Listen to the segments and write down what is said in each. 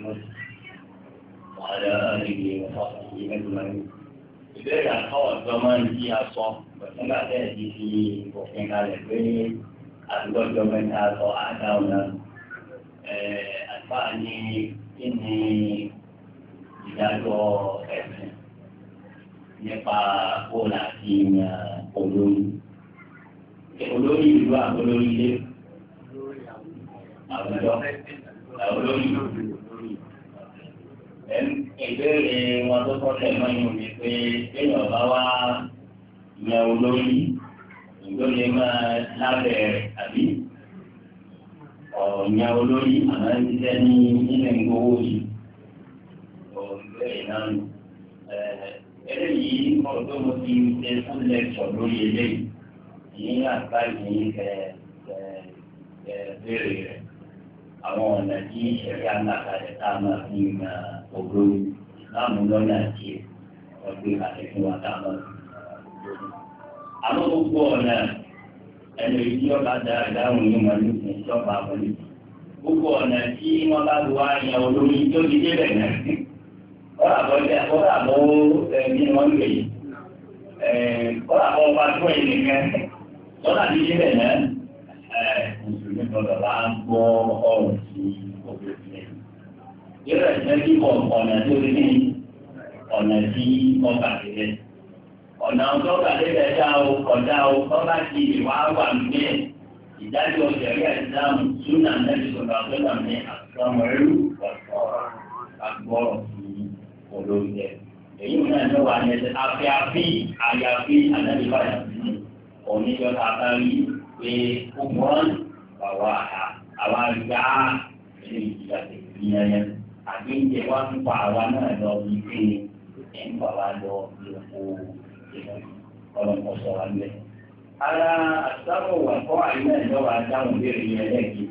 محمد وعلى آله وصحبه أجمعين. ìbéèrè àkọ́wọ̀ tó máa ń di aṣọ pẹ̀lú àtẹ̀yẹ ti fi òfin kalẹ̀ pé àdúgbò jọmọta sọ àdáwọn náà. àlùfáà ní kí ni ìdájọ́ ẹ̀sìn nípa bóòlù àti olórí. olórí ìlú àbólórí ilé àwùjọ olórí ìlú ìbéèrè wọn tó kọ́ tẹ̀ lọ́yìn mi pé kéèyàn bá wá yan olórí olórí máa lábẹ́ rẹ̀ àbí ọ̀yan olórí àmọ́ ń ṣiṣẹ́ ní nílẹ̀ ń gbowó yìí ìbéèrè náà nù. eléyìí kọ́ tó mo ti ṣe fún lẹ́kṣọ̀ lórí eléyìí ní àgbáyé kẹ kẹ béèrè rẹ̀. àwọn ọ̀nà tí ìṣẹ̀lẹ̀ alákalẹ̀ tá a máa fi ma ògbóni láàmú lọ́nà àti ọ̀gbìn àtẹ̀fún wa tá a máa fi ògbóni. àwọn gbogbo ọ̀nà ẹnu ìdí ọba dára dáhùn yìí wọn ní ìjọba gbogbo ọ̀nà tí wọ́n bá lu olórí tó ti wọn bá nìkan. gbọ́dọ̀ bá gbọ́ ọ̀rọ̀ sí obìnrin. Ìrẹ̀ jẹ́ kíkọ ọ̀nà tó rí ní ọ̀nà tí ọba rẹ̀. Ọ̀nà ọ̀tọ́ba rẹ̀ dá o kọ̀dá o ọba ti ìwà wà nílẹ̀. Ìdájọ́ ìṣẹ̀lẹ̀ ìdáhùn súnà nẹ́ẹ̀sọ̀tà tó nà ní àtúnṣe ẹrú ọ̀tọ̀ agbọ́rọ̀ sí náà ló wà ní ẹsẹ̀ afẹ́afí àyàfí àdáyébáyà sí oníjọ́ta bá rí pé ó mọ́ fàwáhà àwọn àgbà ilé ìjìyà ti fi yẹnyẹn àbí ìjẹ wa ń pa àwa náà lọ bí pé ẹ ń pa na lọ bí oko sọ wa lẹ. ara àtàwọn wà kọ́ àyínà ìjọba dáhùn béèrè yẹn lẹ́ẹ̀kì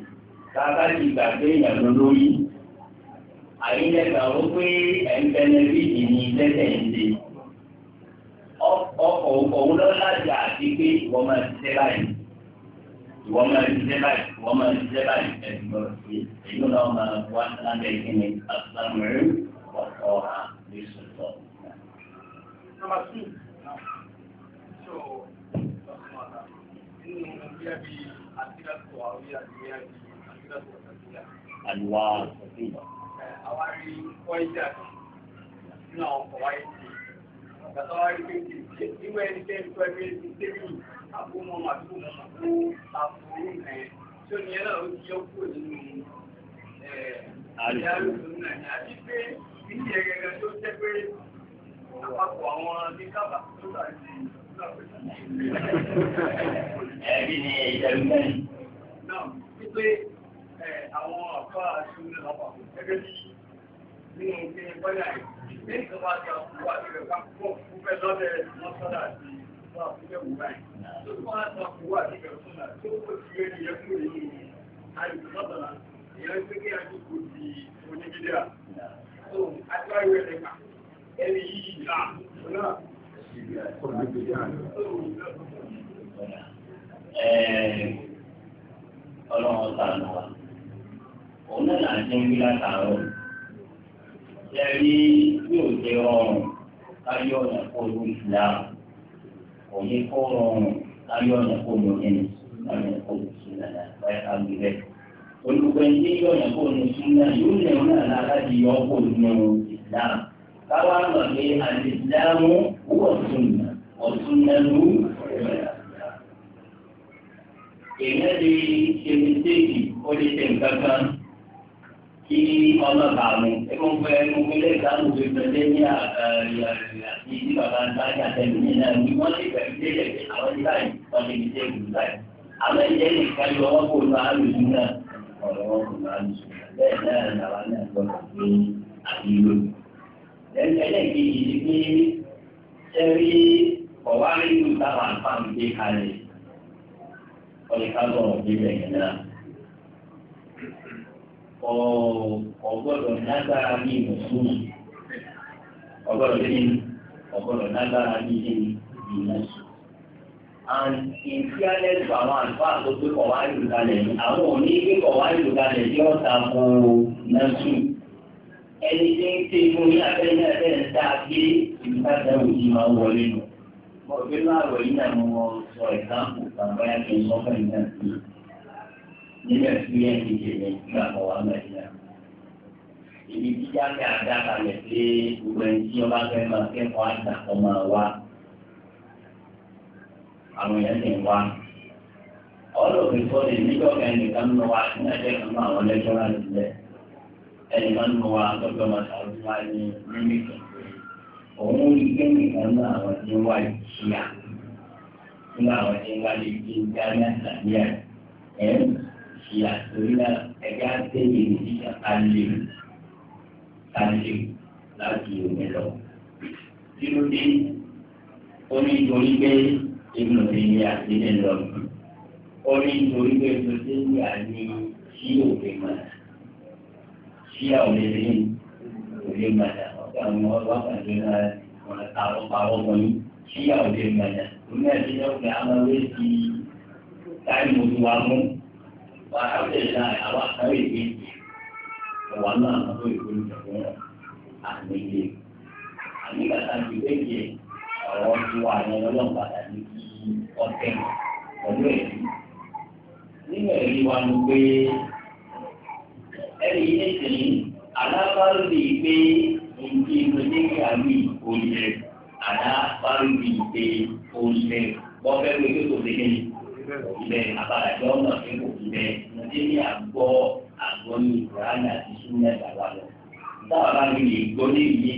tá ti gbà pé èèyàn lórí àyínà ó pé bí ń ọkọ̀ òun àti pé ìwọ́n máa ti báyìí. ìwọ máa ń jẹ báyìí ìwọ máa ń jẹ báyìí ẹ̀sìn sí èyí náà máa wá lábẹ́ ìkíni àtàmúrú ọ̀pọ̀ àbí sọ̀tọ̀. Àlùwà ọ̀sẹ̀ Àwọn arí kọ́ nínú àwọn ọkọ̀ wáyé ti Bàtà wá rí pé nígbà ẹni tẹ́ ẹni tó ẹgbẹ́ ti tẹ́lẹ̀ yìí, àbó mọ́ màá tó mọ́ màá àbúrò nǹkan Tí ó ní náà ó ti yọ kúrò nínú àyà lòdùn náà ni. Àti pé ilé ẹ̀ gẹ́gẹ́ tó jẹ́ pé àpapọ̀ àwọn bí kábà tó bá ti ẹ̀rí ni ìjẹ̀lú mẹ́rin. Náà wípé àwọn àpá àti onílẹ̀ àpapọ̀ gẹ́gẹ́ bí nínú ilé bọ́yà yìí ní ìjọba àti àkókò àti rẹ̀ wọ́n kó fúnfẹ́ mọ́sọ́dà fún àfihàn wù báyìí. tó bá ẹ̀rí yóò jẹ ọrùn káyọ̀ ọ̀nà kó lu ìsìlámù kò ní kó rọrùn káyọ̀ ọ̀nà kó lu ẹni ọ̀nà kó lu ìsìlámù ẹ̀ ká lu rẹ̀. olùgbẹ̀ndé yọ̀ ọ̀nà kó lu ìsìlámù yóò lè wọn náà láti yọ ọ́ kó lu ìsìlámù káwá mọ̀ pé àti ìsìlámù wọ̀ sunna ọ̀tún mẹ́lú èèyàn lè ṣe mistake ó lè ṣe nǹkan kan kí ọlọ́ba mi ẹ̀mú fẹ́ ẹ̀mú fẹ́ lẹ́gbàánu tó fẹ́ lẹ́yìn àti ní bàbá báyìí àtẹ̀mí ní náà ní wọ́n lè fẹ́ẹ́ lélẹ̀ pé àwọn ní báyìí wọ́n lè fi tẹ́gùn báyìí. àwọn ẹ̀jẹ̀ lè ka ọwọ́ kó lọ àlùjù náà ọ̀rọ̀ wọn kò lọ àlùjù bẹ́ẹ̀ náà làwọn náà gbọ́dọ̀ pé àbí ló. ẹlẹ́ẹ̀kejì ni pé sẹ́rí ọ̀wá rí ìlú táwọn àǹfààní gbé kalẹ̀ ọ̀lẹ́ká ọgbọ́dọ̀ lágbára ní ìmọ̀sùnmù ọgbọ́dọ̀ lẹ́yìn ọgbọ́dọ̀ lágbára ní ìmọ̀sùn. àǹtí tí a lè sọ àwọn àlùfáà tó pé kọ̀ wá ìlú kalẹ̀ ní àwọn òní pé kọ̀ wá ìlú kalẹ̀ tí ó ta ko nẹ́sù. ẹni tí ń tẹ inú ní abẹ́lé abẹ́lé tá a gbé ìlú kájà òjì máa ń wọlé nù. mo gbé láàrọ̀ yìí náà mo sọ ìdáàbò kan báyà kí n sọ fún ìdáàbò nínú ẹ̀sìn ẹ̀díje mi nígbà kan wà mẹ́rinà. Ibi jíjá ní àdáka lè pé gbogbo ẹni tí ọba fẹ́ máa kẹ́kọ̀ọ́ àgbà kan máa wá. Àwọn èèyàn sì ń wá. Ọlọ́ọ̀fin fọ́lẹ̀ níjọ́ kẹ́ni kan ń lọ wá sí kan mọ́ àwọn lẹ́jọ́rà nílẹ̀. Ẹni máa ń lọ wá tọ́jú ọmọ wá ní mímíkì. Òun rí kẹ́ni kan náà àwọn tí ń wá ìṣíà. Nígbà àwọn tí wá lè fi ìjà ní àtàlẹ́ ẹ̀ ìyá torí náà ẹgbẹ́ àtẹ̀yẹ ní àlè àlè láti òní lọ. Tírú dé orí ìtòrí pé ìmọ̀ ìyẹn àti ilé lọ. Orí ìtòrí pé ìtòrí pé àní tí òfin máa tí a ò lè rí òní máa Ọ̀gá mi wọ́n wá pàdé náà wọ́n àrọ́ parọ́ wọn yìí tí a ò máa dà. Omi àti ìjọba àwọn ọlọ́ọ̀dì táyì mo ti mú wà á lè la àwọn àtàwé yìí ẹ̀wà náà lọ́wọ́ ìgbóni ìjọba àmì yìí àmì kàtà ti gbẹ́jẹ àwọn tí wà ní ọlọ́pàá tàbí ọ̀tẹ̀ pẹ̀lú ẹ̀rí nínú ẹ̀rí wa ni pé ẹ̀rí yìí nìsín alábàárù bíi pé bẹ́ẹ̀ abala ìjọ náà fi kò fi bẹ́ẹ̀ nàìjíríà gbọ́ àgbọ̀ ní ìkùránì àti súnmọ́ ẹ̀dá lọ. táwọn bá mi gbọ́ ní lọ.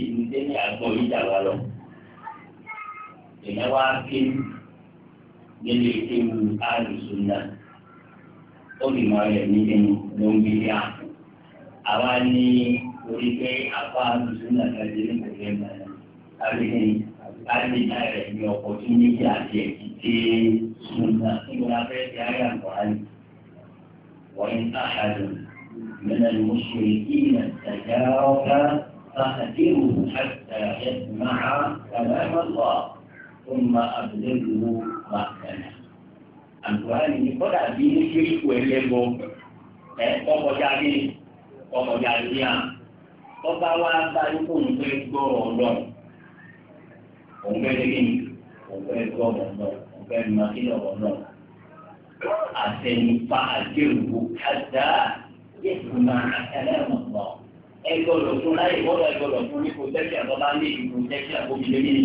ìyẹn wá ké nílé ewu àwa ní orí pé ní kò fẹ́ mọ̀ báyìí náà rẹ̀ ní ọkọ̀ tí ní kí àti ẹ̀kí tí sunna tí wọn fẹ́ ti ayé àgbáyé wọ́n ń tàṣàlù mẹ́lẹ̀ ló ṣe kí nà tàjà ọ̀gá fàkàtìrù àtà ẹ̀sìnmáà kàlámọ́lọ́ tó máa àbúlẹ̀lú màkàlà. àgbáyé ní kọ́dà bí ní kíríkù ẹlẹ́gbọ́ ẹ̀ kọ́kọ́já bí kọ́kọ́já bí à. tọ́ba wa bá yókù ń fẹ́ gbọ́ ọ̀dọ́ òun fẹ́ rí ní òun fẹ́ gbọ́ ọ̀rọ̀ náà òun fẹ́ máa kí ní ọ̀rọ̀ náà àtẹnufa àdéhùwò kájà yẹtù máa àtẹlẹ ọ̀nà ẹgbọ́dọ̀ tún láyé bọ́dọ̀ ẹgbọ́dọ̀ tún ní protection tó bá ní ìlú protection kó fi lé ní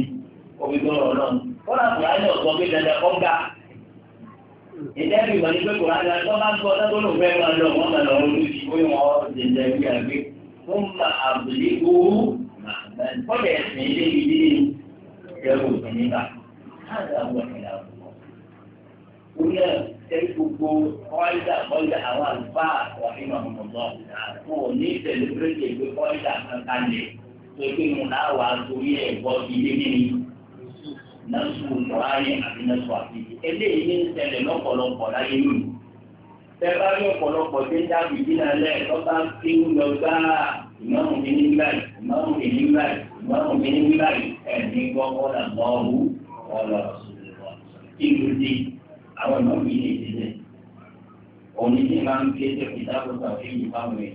omi tó rọ̀ náà kọ́lá kùránì ọ̀sán pé dandan kọ́ ga ìdá ẹ̀rí ìmọ̀ ní pé kùránì ọ̀sán bá ń gbọ́ ọ̀sán tó lò fẹ́ máa lọ wọ́n máa lọ ọdún ti bóyá wọn dèjà ìwé àgbẹ̀ fún màá àbùlé wó màá bẹ́ẹ̀ kọ́lá ẹ̀sìn ilé ìdílé ẹrù ìnígbà káàdà wọ̀ ẹ̀dá wọ̀. Orí ẹ̀ tẹ́lẹ̀ gbogbo ọ̀ìdà ọ̀ìdà àwọn àlùfáà wà nínú àwọn ọ̀dọ́ àwọn òní ìtẹ̀lẹ̀ bírèkì ìwé ọ̀ìdà kankan lè tó pé mo náà wà lórí ẹ̀ bọ́ ilé nínú nọ́ọ̀sù ìmọ̀láyé àti nọ́ọ̀sù àti eléyìí ní ìtẹ̀lẹ̀ lọ́pọ̀lọpọ̀ láyé lónìí. Tẹ́ bá ní ọ̀pọ̀lọpọ̀ tó ń dábì dínà lẹ̀ lọ́ba kéwù lọ gbá ìmọ̀ràn mi ní báyìí ìmọ̀ràn mi ní báyìí ìmọ̀ràn mi ní báyìí ẹni gbọ́kọ́ là lọ́ọ̀rù ọ̀lọ́ ìlú ti àwọn ìmọ̀ mi lè ti lẹ̀. òní ti máa ń ké tó kìtà kó tàbí ìbámu ẹ̀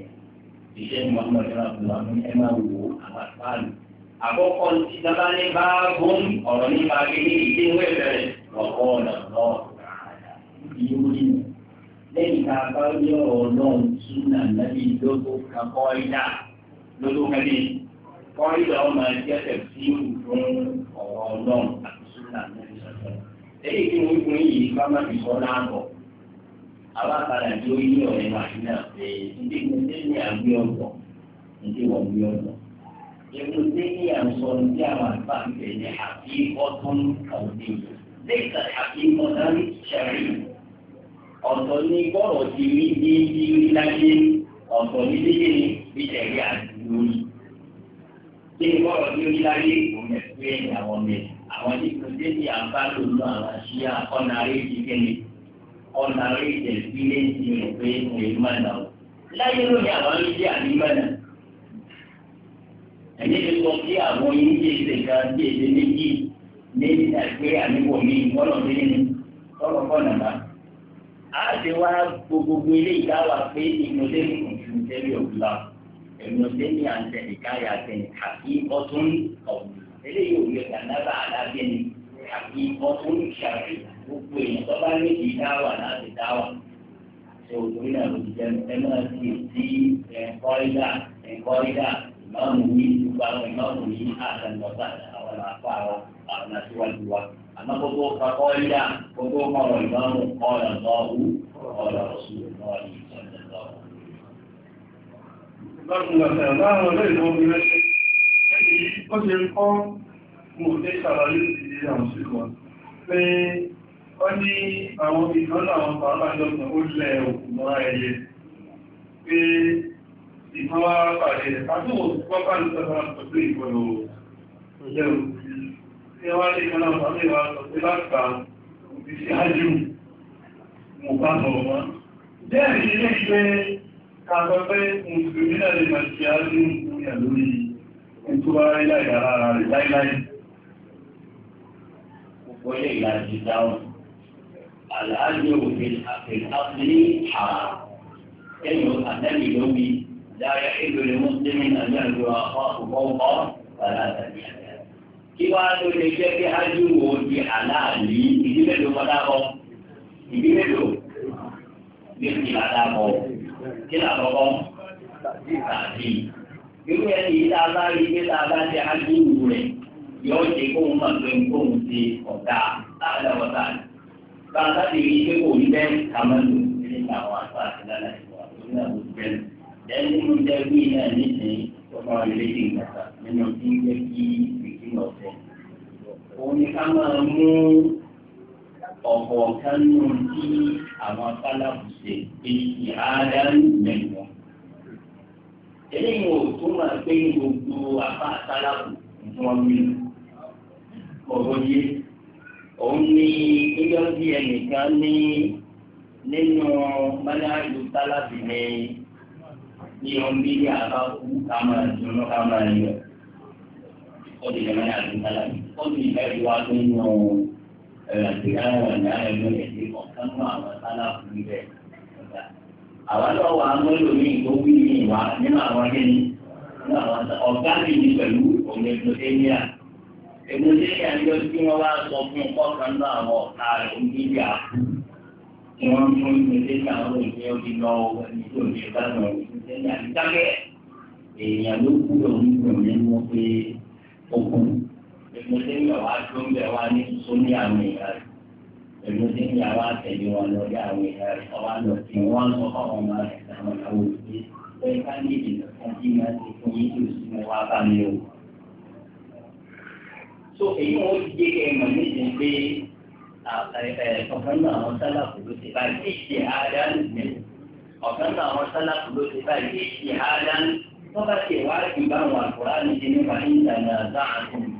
iṣẹ́ ìmọ̀ọ́mọ́ ìlú àbúrò àwọn ẹ̀ máa wò àwọn àbáàlù. àkọ́kọ́ ti dábà ní bá gbóhùn ọ̀rọ̀ nípa kékeré ilé ìwé bẹ̀rẹ̀ lọ́kọ́ ọ̀nà lọ́ọ̀ lẹ́yìn tá bá yọ̀ ọ̀rọ̀ náà sún náà lẹ́yìn lóko kakọ́ ìdá lóko kẹ́lẹ́ kọ́ ìlà ọmọ ẹgbẹ́ ẹ̀fí fún ọ̀rọ̀ ọlọ́run àti súnà lórí sọ̀tọ̀. èyí tí wọ́n fún yìí ká má fi sọ láàbọ̀ alákàlà tí ó yí ọ̀rẹ́ màdínà pé ìdí mo dé ní àgbé ọ̀gbọ̀ ìdí wọ́n gbé ọ̀gbọ̀. èmi dé ní àǹsọ ní àwọn àgbà ń bẹ̀ ní àbí ọdún kàwé lẹ́ka àbí ọdún ṣẹ̀rí ọ̀tọ̀ ní bọ́ọ̀rọ̀ ti rí bí rí láyé ọ̀tọ̀ ní bí ṣé bọ́ọ̀lù ní oríláyé òun ẹ̀kú ẹ̀yìn àwọn mi àwọn nípa ṣé ní àbálò lọ àwọn àṣì ọ̀nà àríjì kẹ́lẹ̀ ọ̀nà àríjì ẹ̀fílẹ̀ ti rẹ̀ pé òun èyí máa nà ó. láyé àwọn oníṣẹ́ àmì máa ẹ̀mí ti sọ pé àwọn oníṣẹ́ ìṣe kan bí èdè méjì ní ìdàgbé àníwò mi bọ́lọ̀ nínú tọ́lọ̀ bọ́ nàbà. a ti wá gbogbogbò ilé ìdáwà pé ìmọ̀lẹ́ ẹnu tẹ́lẹ̀ àǹtẹ̀lẹ̀ káyà àtẹ̀lẹ̀ àbí ọdún ọ̀hún eléyìí ò yẹ kànáàbà alábẹ́ni àbí ọdún ìṣàrí gbogbo èèyàn tó bá ní ìdáwà láti dáwà tó orí náà ló ti jẹ́ ẹnu àti eh, èsì ẹ̀ńkọ́rídà ẹ̀ńkọ́rídà eh, ìmáàmù yìí gbogbo àwọn ìmáàmù yìí àtẹnudọ́tà àwọn àpá àwọn àwọn àtiwájú wa àmọ́ gbogbo kakọ́rídà gbogbo ọ̀rọ̀ ìmáàmù ọ̀rọ̀ lọ́wọ́ ọ̀rọ̀ ọ̀ṣun lọ́dún gbàtà láwọn ọ̀rẹ́ ìlú omi rẹ̀ ẹni ó ṣe ń kọ́ mú ní ṣàlàyé ìdílé àwọn sílùú wa pé ó ní àwọn ìkan láwọn pàápàájọ́sàn ó lẹ̀ òkú mọ́ra ẹyẹ pé ìkan wá pàdé rẹ̀ pàtó pọ́pá ní sọ́sọ́rọ̀ pẹ̀lú ìgbọ̀lọ̀ ìyẹ̀wò tí wọ́n lè kan láwọn pàdé wa sọ pé láta òfin sí ájú mo bá bọ̀ wọ́n. Bẹ́ẹ̀ ni kàtọ́ pé mùsùlùmí náà lè máa ṣe ájú ìyà lórí ìtura láìláì ara rẹ̀ láìláì. Gbogbo ilé ìlànà ìdáhùn, àlàájú òfin àfẹ́sáfẹ́ àrà, ẹ̀yọ̀ àtẹ́lì ló wí, dáyà ìlú ni mùsùlùmí náà ní àjọ àwọn àkókò bàlá àtàlì àjá. Kí wá ló lè jẹ́ kí ájú wo di àlàálì ìdílé ló padà bọ̀? Ìdílé ló lè fi àdá bọ̀. kí là lọ́kọ́ tàbí irú ẹni yìí tá a bá rí pé tá a bá ti ájúwù rẹ̀ yóò ṣe kóun máa pé kóun ṣe ọ̀gá láàdá ọ̀tá bá a bá rí pé kò ní bẹ́ẹ̀ ká máa lò nípa àwọn àṣà àti lálẹ́ ìwà tó ní àwọn òṣìṣẹ́ ẹni tó ń jẹ́ bí náà nísìnyí tó bá wọn lè ṣe ìgbàgbà nínú tí ń jẹ́ kí ìgbìmọ̀ ọ̀sẹ̀ òun ni ká máa mú ọ̀kọ̀ọ̀kan nínú tí àwọn kálàbù ṣe pé ìhàdá mẹ́wọ̀n. eléyìí ò túmọ̀ pé gbogbo apá kálàbù wọn mi ọ̀gọ́dé òun ní ẹgbẹ́ bí ẹnìkan ní nínú mẹ́láàlú kálàbù ní ní ọ̀nbí àbá kú ká máa dùnú ká máa yọ. ó di mẹ́láàlú kálàbù ó di ìfẹ́ ìwádìí nínú ẹ̀rọ̀dì àwọn ìyá ẹ̀mí ẹ̀dí ọ̀kan náà àwọn sálà fún àwọn náà wà á mọ́lò ní ìgbógun ní ìwà nínú àwọn ẹni nínú àwọn ọ̀gá mi ní pẹ̀lú òun ẹ̀dọ́dẹ́níà. ẹ̀dọ́dẹ́níà ni ó tí wá sọ fún ọ̀kan náà àwọn ọ̀tá rẹ̀ àkú. kí wọ́n fún ẹ̀dọ́dẹ́níà àwọn òṣìṣẹ́ òdì lọ ẹni tó ní ìbátan mo ti ń bẹ̀ wá tó ń bẹ̀ wá ní sóní àwọn èèyàn wọn lórí àwọn èèyàn ọba lọ sí wọn sọ fáwọn ọmọ rẹ̀ táwọn ìyàwó ti pé ká ní ìdìbò kan tí máa ti fún yín tó sí wọn wá bá mi o. so èyí wọn ti jẹ́ kẹ́ ẹ mọ̀ pé ọ̀kan náà àwọn sálàkù ló ti báyìí kí ìṣe àádán ní ọ̀kan náà àwọn sálàkù ló ti báyìí kí ìṣe àádán tó bá ti wá ìbáwọn àkùrá níbi nípa ìlànà àdáhàtúmù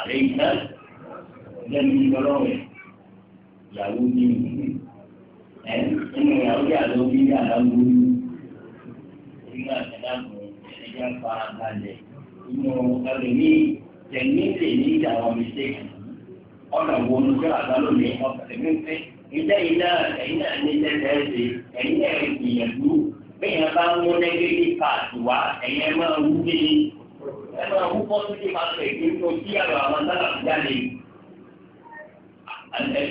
àlẹ́ ìgbà lẹ́nu ìgbọ́lọ́wẹ̀ ìyàwó ní ìlú ẹ̀ nínú ìyàwó yà ló bí yàrá lórí nígbà tí láàbù ẹ̀yà fara balẹ̀ inú ẹlòmí tẹ̀mí lè ní ìdàwọn mistake ọ̀nà wo ló fẹ́ àbálòmí ọ̀pẹ̀lẹ́mí fẹ́ ilé iná ẹ̀yìn náà ní lẹ́sẹ̀ẹ́sẹ̀ ẹ̀yìn náà gbìyànjú bẹ́ẹ̀ bá mú nẹ́gẹ́tì pààtì wá ẹ̀yẹ máa wú bí ẹ máa wú bọ́ síbi máa tẹ̀ pé kó kí àrò àwọn sábà fi jáde.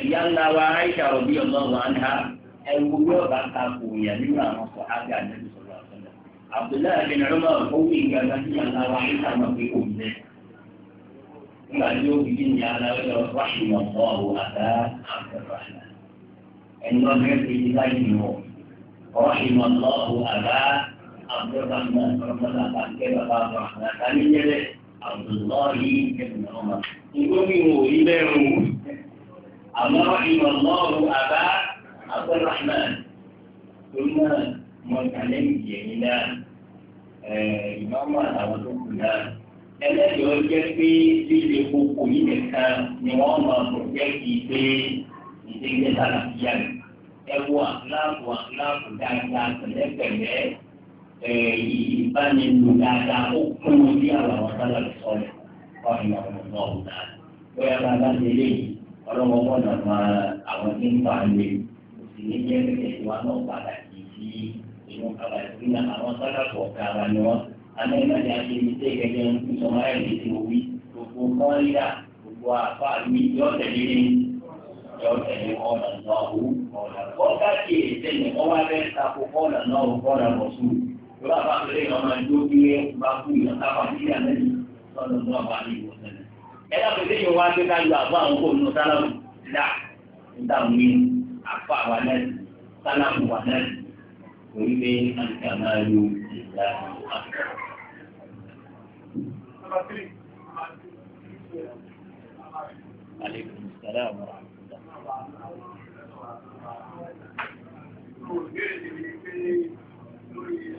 ìyá ńlá wa aisha rọ̀bí ọlọ́run àná ẹ̀wù bí ọba ta kò yàn nínú àwọn sọ ága nínú sọ̀rọ̀ àtọ́nà. abdullahi bin umar owó ìgbà láti ìyá ńlá wa aisha máa fi kò jẹ. nígbà tí ó fi bí ìyá ńlá wa lọ wáṣí mọ̀ mọ́ ọ̀hún àtà àbẹ̀rẹ̀ àná. ẹni wọn fẹ́ẹ́ fi ilé láyé nù ọ̀ wáṣí mọ̀ mọ́ Abdul Rahman Ramadhan Pakai Bapa Rahman Tani Jere Abdullahi Ibn Umar Ibu ni mu ibe mu Allah imallahu aba Abdul Rahman Kuma Mọ̀tàlẹ́yìn yẹ̀yìn náà ìmọ̀mọ́ àtàwọn tó kù náà ẹlẹ́jọ́ jẹ́ pé líle koko yìí nìkan ni wọ́n máa bọ̀ jẹ́ kí i pé ìdíje dáadáa pẹ̀lẹ́pẹ̀lẹ́ ìbánilò dáadáa ó kún un bí àwọn àwọn sábà sọ̀rọ̀ ọ̀hìn àwọn ọmọ ọ̀gá bóyá bá bá ti lé ọlọ́wọ́ gbọ́dọ̀ máa àwọn tí ń fa lè kò sì ní jẹ́ pé ìwà náà pàtàkì sí inú kaba ìpínlẹ̀ àwọn sábà kọ̀ọ̀kan ara ni wọ́n àmì ìbàdí àti ìdílé gẹ́gẹ́ ń sọ máa ń lè ti wí gbogbo kọ́ńdà gbogbo àfa mi yọ tẹ̀lé ọ̀nà náà ọ̀nà ìwà bá pèlè ọmọ ìlú bí bá kú ìyàn táwọn àti ìyàn lẹ́yìn lọ́dọ̀ tó wà ní ìwọ sẹ́lẹ̀. ẹ dábòó sí ìwà pé ká yọ àbọ̀ àwọn kòòlù sálàmù dá níta mi àfa wà lẹ́sì sálàmù wà lẹ́sì torí pé àti àmà lu ìlà àkàrà. Aleykum salaam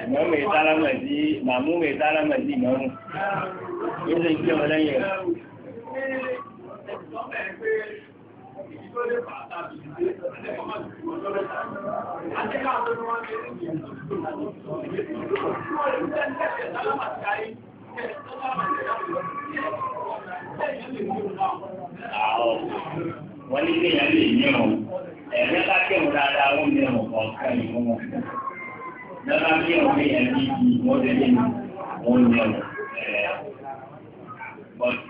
ìmọ̀mù ìtàlámà sí màmúmù ìtàlámà sí ìmọ̀mù yóò ṣe jẹ́ ọmọ lẹ́yìn rẹ̀. wọ́n ní kéèyàn lè yẹ̀wò ẹ̀rẹ́ bá kẹ́wò dáadáa wọ́n ní ẹ̀wọ̀n kọ̀ọ̀kan ìwọ̀n lọ́la bí ọ̀gbìn yẹn bí ìmọ̀lẹ́lẹ́ wọn ní ọ̀rọ̀ eh, bọ́ọ̀lù.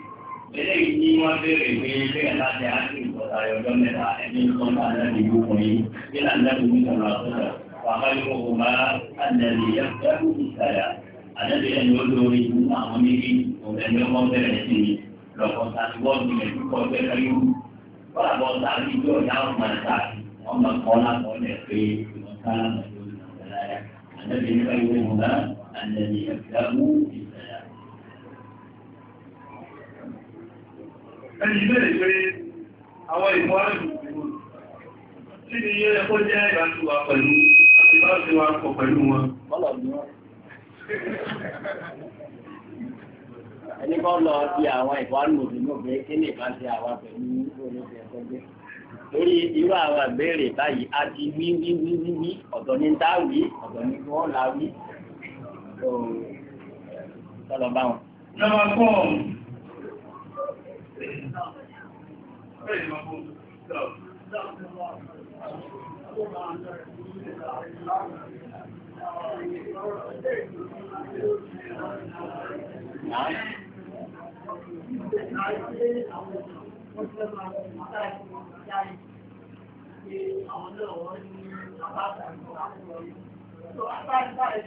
eléyìí ní wọ́n béèrè pé bẹ́ẹ̀ láti áṣì ìkọ̀tà ọjọ́ mẹ́ta ẹni sọ́ńtà náà ní gbogbo yìí bí làǹdàbí ní sọ̀rọ̀ àtúntà wàhálì gbogbo máa ànàlì yàtọ̀ ìsàlà ànàlì ẹni olórí nínú àwọn méjì òbẹ̀ni ọmọ bẹ̀rẹ̀ sí i lọ́kọ̀ tàbí bọ́ọ̀lù النبي أيهما الذي يبدأ بالسلام ẹnìbẹ̀rẹ̀ pé àwọn ìfọ́ àrùn tí ni yẹ́ ẹ̀kọ́ jẹ́ ìbáṣúwà pẹ̀lú ìbáṣúwà pọ̀ pẹ̀lú wọn. ẹni kọ́ lọ sí àwọn ìfọ́ àrùn òdìmọ̀ pé kí ni ìbáṣẹ́ àwọn pẹ̀lú olóògbé ẹ̀kọ́ jẹ́ lórí irú àwọn àbẹ̀rẹ̀ báyìí a ti wí wí wí wí wí ọ̀dọ̀ ní dá wí ọ̀dọ̀ ní wọ́n là wí. sọlọ bá wọn. lọ́wọ́ kọ́ Thank you. Ẹ̀ka àyẹ̀ṣẹ́ sọ̀rọ̀ ní àwọn náà jẹ́ àwọn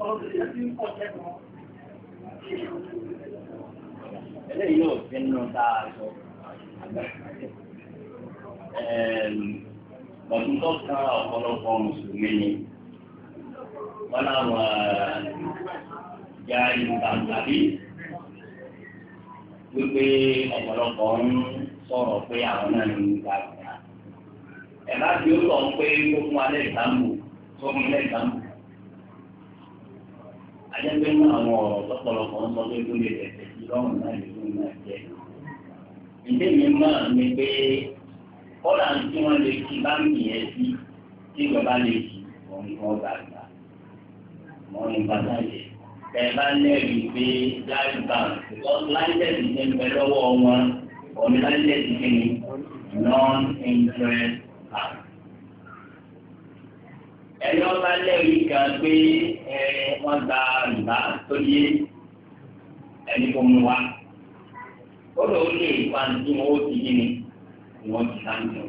ọ̀rọ̀ ìyẹ́ tí ń pọ̀ jẹ́ kan eléyìí yóò fi nù tá sọ bọ̀dún tó kan ọ̀pọ̀lọpọ̀ mùsùlùmí ni wọ́n láwọn jaari tàbí wípé ọ̀pọ̀lọpọ̀ ń sọ̀rọ̀ pé àwọn náà ń gbà ẹ̀ bá fi ó lọ pé ó fún alẹ́ ìtàmù tó fún alẹ́ ìtàmù àyẹ̀pẹ́ ní àwọn ọ̀rọ̀ lọ́pọ̀lọpọ̀ ń sọ pé kó lè tẹ̀sẹ̀ sí lọ́rùn náà lè fún náà ìdí mi máa ní pé kọ́là tí wọ́n lè fi báńkì yẹn sí tí ìjọba lè fi wọ́n ní wọ́n gbà gbà wọ́n ní bàtà yẹ. bẹ́ẹ̀ bá lẹ́rìí pé láì báńkì láìsẹ̀sì ti ń bẹ lọ́wọ́ wọn òní láìsẹ̀sì ti ní non-interest bank ẹni bá lẹ́rìí kan pé wọ́n gba rìbá tó yé ẹni kò mú wa ó lọ ó lè pa ní owó ti yé ni wọ́n ti ká nù.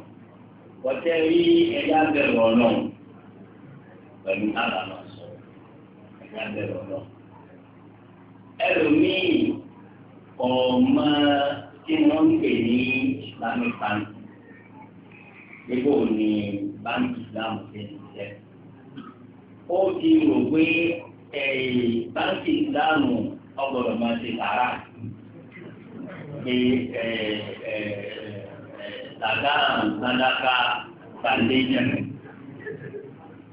wọ́tẹ́ rí ẹ̀yà bẹ̀rù ọlọ́run pẹ̀lú àbàmà sọ ẹ̀yà bẹ̀rù ọlọ́run. ẹlòmíì ọ̀ọ́mọ tí wọ́n ń pè ní islamic bank. Gbogbo ni báńkì Islam ṣe ń jẹ́. ó ti rò pé báńkì ìsìláàmù ọgbọ̀dọ̀ máa ṣe tààrà pé tàgá sàdákà foundation.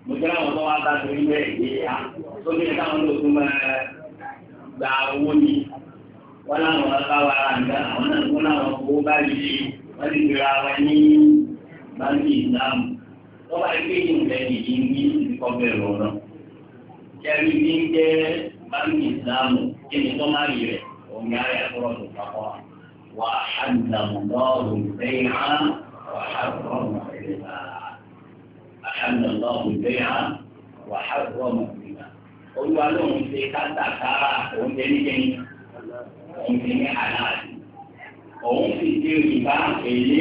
mo jẹ́ àwọn tó wá bá torí bẹ́ẹ̀ pé a tó ní káwọn ló tún máa gba owó ni wọ́n láwọn akáwà àgbà àwọn náà wọ́n láwọn owó wọ́n ti ní báńkì wọ́n bá gbé ìmùlẹ̀ yìí ní ìkọ́bẹ̀ rọ̀ náà. Jẹ́rí bí jẹ́ báńkì ìsìlámù kí ni tọ́ rí rẹ̀ òun yára ẹ̀kọ́rọ̀ tó papọ̀ wà á dàmú lọ́ọ̀rù bẹ́ẹ̀ wà á rọ̀mù bẹ́ẹ̀ á. Àhàmì lọ́ọ̀rù bẹ́ẹ̀ wà á rọ̀mù bẹ́ẹ̀ á. Olúwa lóun ṣe kátàkárà òun jẹ́ Òun ti ní àlàáfíà. Òun ti rìbá èlé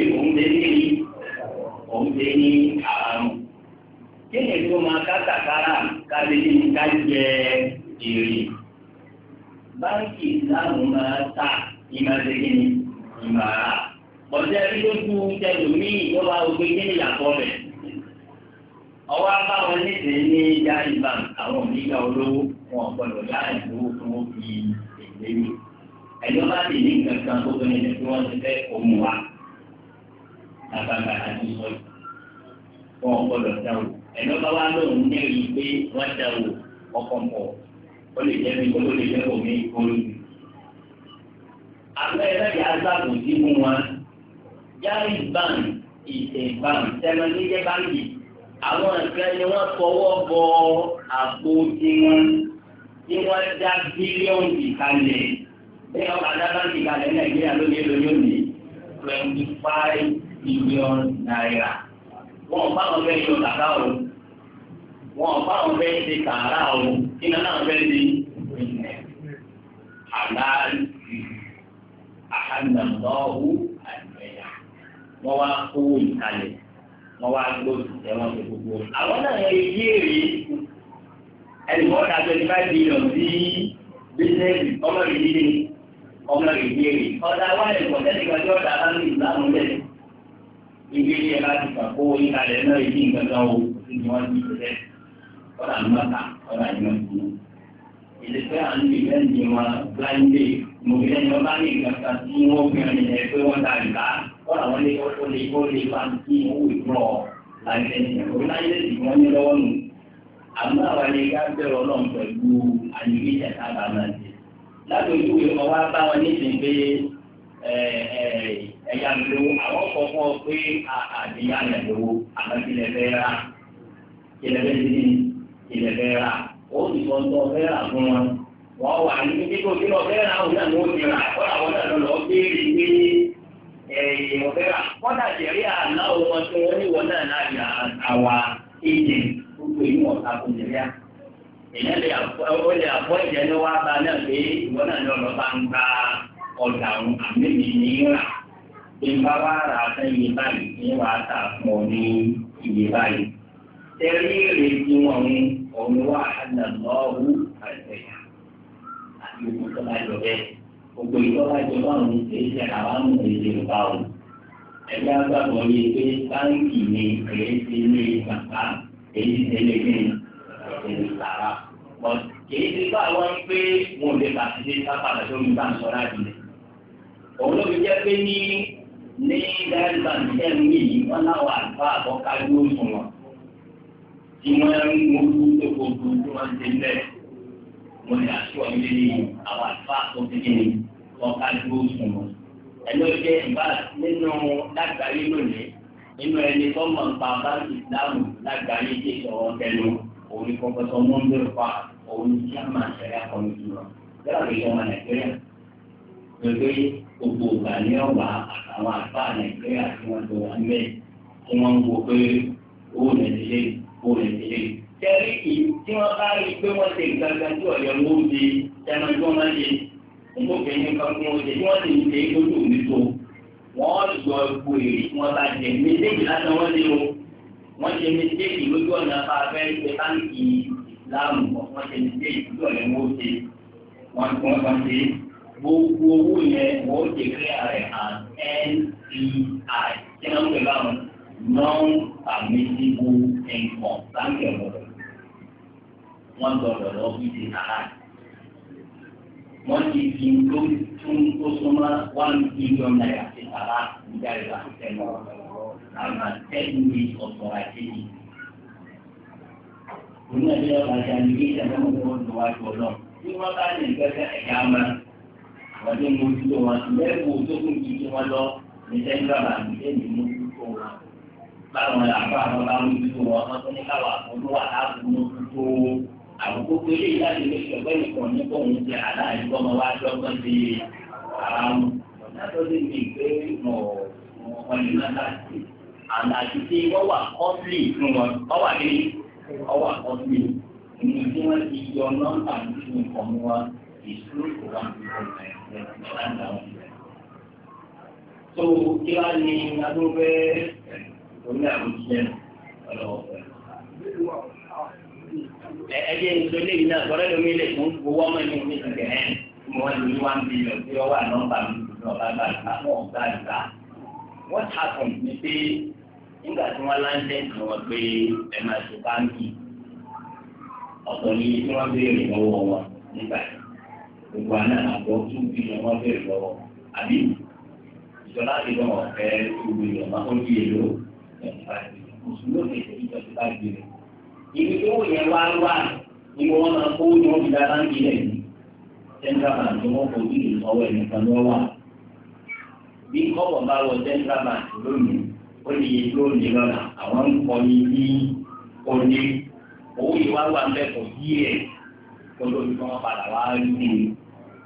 kéèyàn tó máa kátàkárà kábíyé ká jẹ èrè báńkì ìsìláàmù máa ta ìmàdégé ni ìmàrà ọ̀sẹ̀ tí ó tú tẹlómìn ló bá gbé kí ni ìyàtọ̀ rẹ̀ ọwọ́ abáwọn nídìí ní yáàrí bank àwọn onígbà olówó wọn gbọdọ̀ yáàrí owó tí wọ́n fi èlé mi ẹ̀yọ́ bá ti ní nǹkan kan tó fẹ́ẹ́ lẹ̀ tí wọ́n ti fẹ́ òun lágbàgbà àti sọ́yìn. wọn gbọ́dọ̀ dá o ẹni ọba wa lóun ní pé wọn o ó lè jẹ mi ó lè jẹ omi olú. àpẹẹrẹ yà sábò sí fún wa yàrá ìbàn ìtẹ̀bàn tẹ́lẹ̀ níjẹ́ báńkì àwọn ẹ̀fẹ́ ni wọ́n fọwọ́ bọ àpò tiwọn tí wọ́n dá bílíọ̀nù ìkàlẹ̀ bí wọ́n wọn ò fáwọn fẹ́ yọ kàkà o wọn ò fáwọn fẹ́ ṣe kàrà o kí nana fẹ́ ṣe àlàyé àhànàmọ́wò àgbẹ̀yà wọn wá kówó ìkàlẹ̀ wọn wá gbóòtù ẹ̀wọ̀n tó gbogbo àwọn náà yẹ yéèrè ẹnìkan ta twenty five million sí bísíǹsì ọmọ rẹ̀ yìí ọmọ rẹ̀ yìí rẹ̀ ọ̀dà wa ẹ̀kọ́ tẹ́lẹ̀ kan tí ọ̀dà bá ń lè gbà wọn lẹ̀ ilé yẹ láti gbà kó ìkàlẹ̀ náà yìí nǹkan kan o sì ni wọ́n ti tẹ̀ ọ̀dà ní mọ́ta ọ̀dà ní mọ́tò. Èdè pé à ń lè fẹ́ ní wọn gbáńdé mo fi ẹni wọn ní nǹkan kan tí wọ́n fi hàn ní ẹgbẹ́ wọn ta ìgbà ọ̀dà wọn lé ó lè ó lè bá tí owó ìgbọ̀ láìpẹ́ Àmọ́ àwọn ilé ká bẹ̀rẹ̀ ọlọ́run pẹ̀lú àyíké ìjàkadà náà ti. Láti ojú ìwé ọwọ́ bá wọn ní ìsìn pé ẹ̀yà lówó àwọn kọ̀ọ̀kan pé àdìyà yà lówó àbájilẹ̀ fẹ́ rà ilẹ̀ fẹ́ di ilẹ̀ fẹ́ rà ó sì sọ sọ fẹ́ rà fún wa wọ́n wà ní kíkó kí lọ fẹ́ rà òun náà rà náà lọ béèrè pé rà jẹ̀rí àná ọmọ tí wọ́n ní wọn náà àwa gbogbo ọ̀là àmì ní rà bí n bá wá rà á báyìí ní wàá tà fún ní iye báyìí. Tẹ́lí èrè tí wọ́n ń ọ̀run wà lọ́wọ́ àìsẹ̀yà àti ogun tó bá jọ bẹ́ẹ̀. Gbogbo ìjọba ìjọba òun ṣe é ṣẹlẹ̀ àwọn àmì ìṣe ìbá o. Ẹgbẹ́ agbábọ̀ yìí pé báńkì ni èyí ti lé bàbá èyí ti lé ní ìṣẹ̀lẹ̀ ìlara. Kì í ti bá wọn pé wọn lè bàtí dé sábà lọ́jọ́ mi bá ń sọ láti lè òun ló fi jẹ́ pé ní ní dáríba níṣẹ́ mi yìí wọ́n láwọn àlùfáà àbọ̀ká ló wọn tí wọ́n ń mú tó gbogbo tí wọ́n ti bẹ̀rẹ̀ mo ní aṣọ ilé ní àwọn àlùfáà tó ti kí ni wọn. ẹni ó jẹ́ ìbá nínú lágbàáyé lónìí nínú ẹni tó mọ̀ nípa báńkì ìsìláàmù lágbàáyé tí ìṣòro tẹnu òun pọfẹsọ mọ́ńdúró pa òun tí a máa ṣẹlẹ̀ àkọ́ni jùlọ. bẹ́ẹ̀ ni ìjọba nàìjíríà gbẹgbẹ́ gbogbo ìgbà ní ọ̀wà àtàwọn àgbà nàìjíríà tí wọ́n lò wọ́n mẹ́ tí wọ́n ń wo pé owó nàìjíríà owó nàìjíríà. tẹ́lẹ̀ yìí tí wọ́n bá rí i pé wọ́n ṣe gbàgbà tí ọ̀yọ́ ló ń di ẹran tí wọ́n máa ṣe ìmọ̀kẹ́yìn kan fún oúnjẹ tí wọ́n sì ń ṣe lójú mi tó wọ́n yọ epo èrè tí wọ́n bá jẹ méjèèjì lásán wọ́n lé o wọ́n ṣe méjèèjì lójú ọ̀nà bá ṣe báńkì láàmú wọ́n ṣe méjèèjì lójú ọ̀nà wọ́n ṣe wọ́n ti wọ́n kan ṣe é gbogbo owó yẹn wọ́n ó dèkẹ́ rẹ̀ as NCI kí náà ń pè non-permissible income sáńkì ọ̀dọ̀ wọ́n gbọ́dọ̀ lọ bí ti nàrà wọ́n ti fi tó tún tó súnmọ́ one billion naira ti nàrà nígbà ìgbà tó tẹ̀ ten days of quarantine òun náà ní ọ̀rọ̀ àti àlùyé ìdáná ọ̀gbọ́n ọ̀dọ̀ wájú ọlọ́run tí wọ́n bá ní ìgbẹ́sẹ̀ ẹ̀yà máa àwọn tó ń mójú wọn lẹ́kọ̀ọ́ tó kún ju tí lọ ní sẹ́ńtà bàbí lẹ́yìn mójú wọn. báwọn làbá àwọn bá mójú tó wọn tó ní káwọn àkókò wà láàbù mójú tó tó lè láti lè ṣọgbẹ́ nìkan ní kóun ti àdáyé kọ́mọ wá lọ́gbọ́n ti àràmù. látọ̀ lè ní ìgbé mọ̀ wọn lè má láti àlàyé tí wọ́n wà kọ́ńtì fún wọn wọ́n wà ní wọ́n wà kọ́ńtì ìmọ̀ tí wọ́n ti yọ nọ́mbà nínú ìkọ̀mú wa ìṣúrù kò wá nínú ìkọ̀mú so kí wá ní adúgbò oní àbújá ọlọ́wọ́ ẹ ẹ jẹ́ ìṣó léyìí náà sọ́rẹ́ lómi lè fún owó ọmọ ti wá bá bá what ni pé nígbà tí wọ́n láńdẹ́ ní wọn pé ẹ máa ṣe báńkì ni tí béèrè wọn nígbà yìí. gbogbo àná àgbọ̀ tún bí ọmọ bẹ̀rẹ̀ lọ́wọ́ àbí ìjọba ti lọ ọ̀fẹ́ gbogbo ìjọba ó di èlò mùsùlùmí ti ìjọba ti bá gbé rẹ̀. ibi tó yẹ wá wà ni wọ́n máa kó ní wọ́n fi dá báńkì rẹ̀ ní central bank ni wọ́n kò ní ìsọwọ́ ẹ̀ ló wà. bí kọ́pọ̀ bá wọ central bank lónìí ó lọ́la àwọn ń kọ́ ní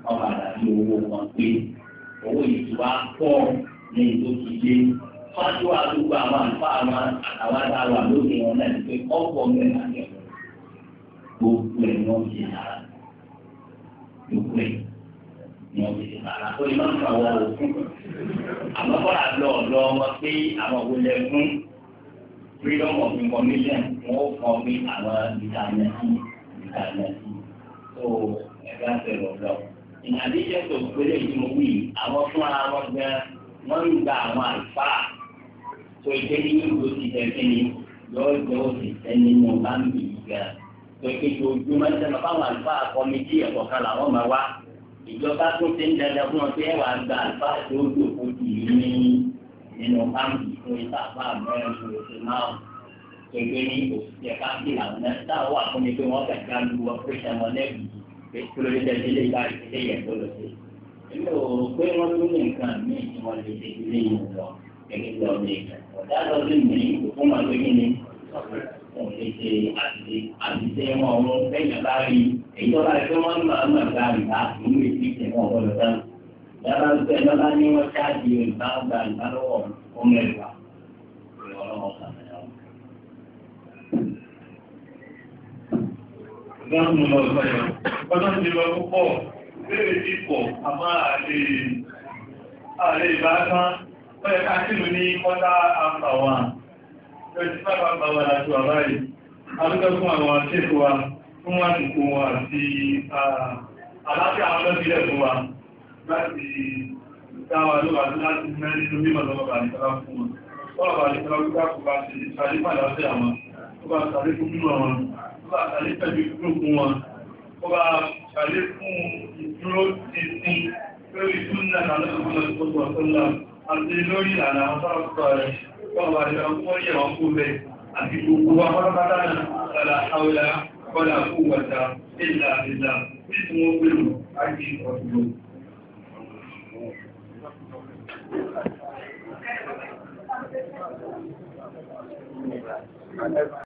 ọba àti owó kan pé owó ìtura pọ̀ ní ìlú fájú àdúgbò àwọn àlùfáà àtàwọn àtàwọn àlóde wọn náà ti pé ọ̀pọ̀ mẹ́ta ní gbogbo ẹ̀ ni wọ́n ti dára gbogbo ẹ̀ ni wọ́n ti dára ó lè má fà wọ́n o àmọ́ kọ́ra lọ lọ wọn pé àwọn òwe lẹ freedom of information wọn ó fọ pé àwọn ìdáná sí ìdáná sí tó ẹgbẹ́ àti ẹ̀rọ lọ ìnàdíjẹ́ tó péré ìmọ̀ wí àwọn fún ara wọn gan wọ́n ń gba àwọn àlùfáà tó ṣe ní ìlú ti tẹ̀sí ni lọ́ọ́ jẹ́ òsì tẹ́ni mọ̀ bá ń bì í gan tó ṣe tó ojúmọ́ sẹ́nu fáwọn àlùfáà kọ́mídì ẹ̀kọ́ kan làwọn máa wá ìjọba tó ṣe ń dandan fún ọ pé ẹ̀wà gba àlùfáà tó dòkó tì í ní nínú báńkì fún ìtàpá mẹ́rin oṣù márùn-ún tó ṣe ní òṣìṣẹ́ káńtì náà táwọn wà fún wọ́n fẹ̀ kílódé tẹ ilé báyìí ilé yẹn tó lọ sí èmi ò wọn tún ní nǹkan míì tí wọn lè ṣe ilé yìí lọ gẹ́gẹ́ bí ọmọ ìgbà lọ sí mi òkú máa lóyún ni wọn lè ṣe àti àtìṣe wọn ọ̀run lẹ́yìn bá rí èyí tó bá rí pé wọn máa máa gba ìgbà nínú ìdí ìṣẹ̀ wọn ọ̀gbọ́n lọ sáà dábàá ń pẹ́ lọ́ba ní wọ́n ṣáàjì ìbá gba ìbá lọ́wọ́ ọmọ ẹ̀fà láàmú lọ sọ́yọ̀. Ọjọ́ ti lọ púpọ̀, léèrè ti pọ̀, àmọ́ àlè ìbátan, ọ̀yẹ̀ ká sílù ní kọ́tà àpàwà. Ẹ̀sì pápá àpàwà láti wà báyìí. Adúgbò fún àwọn àṣẹ́kù wa, fún wọn àtìkù wọn àti àlàáfíà àwọn ọlọ́bìlẹ̀ fún wa láti dáwà lọ́wà láti mẹ́rin ní mímọ̀ lọ́wọ́ àdìsára fún wọn. Wọ́n àbàdìsára wípé àkùbá ti sàrífà láti àwọn, ó bá sàrífún nínú àwọn bá àtàlẹ́ pẹ̀lú ìgbógun wọn ó bá ṣàlẹ́ fún ìdúró títí lórí túnná àlọ́gbọ̀n ìgbógun ọ̀tọ́lá àti lórí ìlànà àpapọ̀ rẹ̀ bọ́ọ̀bà ìjọ fún ìyẹ̀wọ̀n fún bẹ́ẹ̀ àti gbogbo wa pátápátá náà lọ́la àwòlá kọ́lá fún wọ̀ta ìlà ìlà títí wọn gbèrò àti ọ̀dùnmọ̀. Thank you.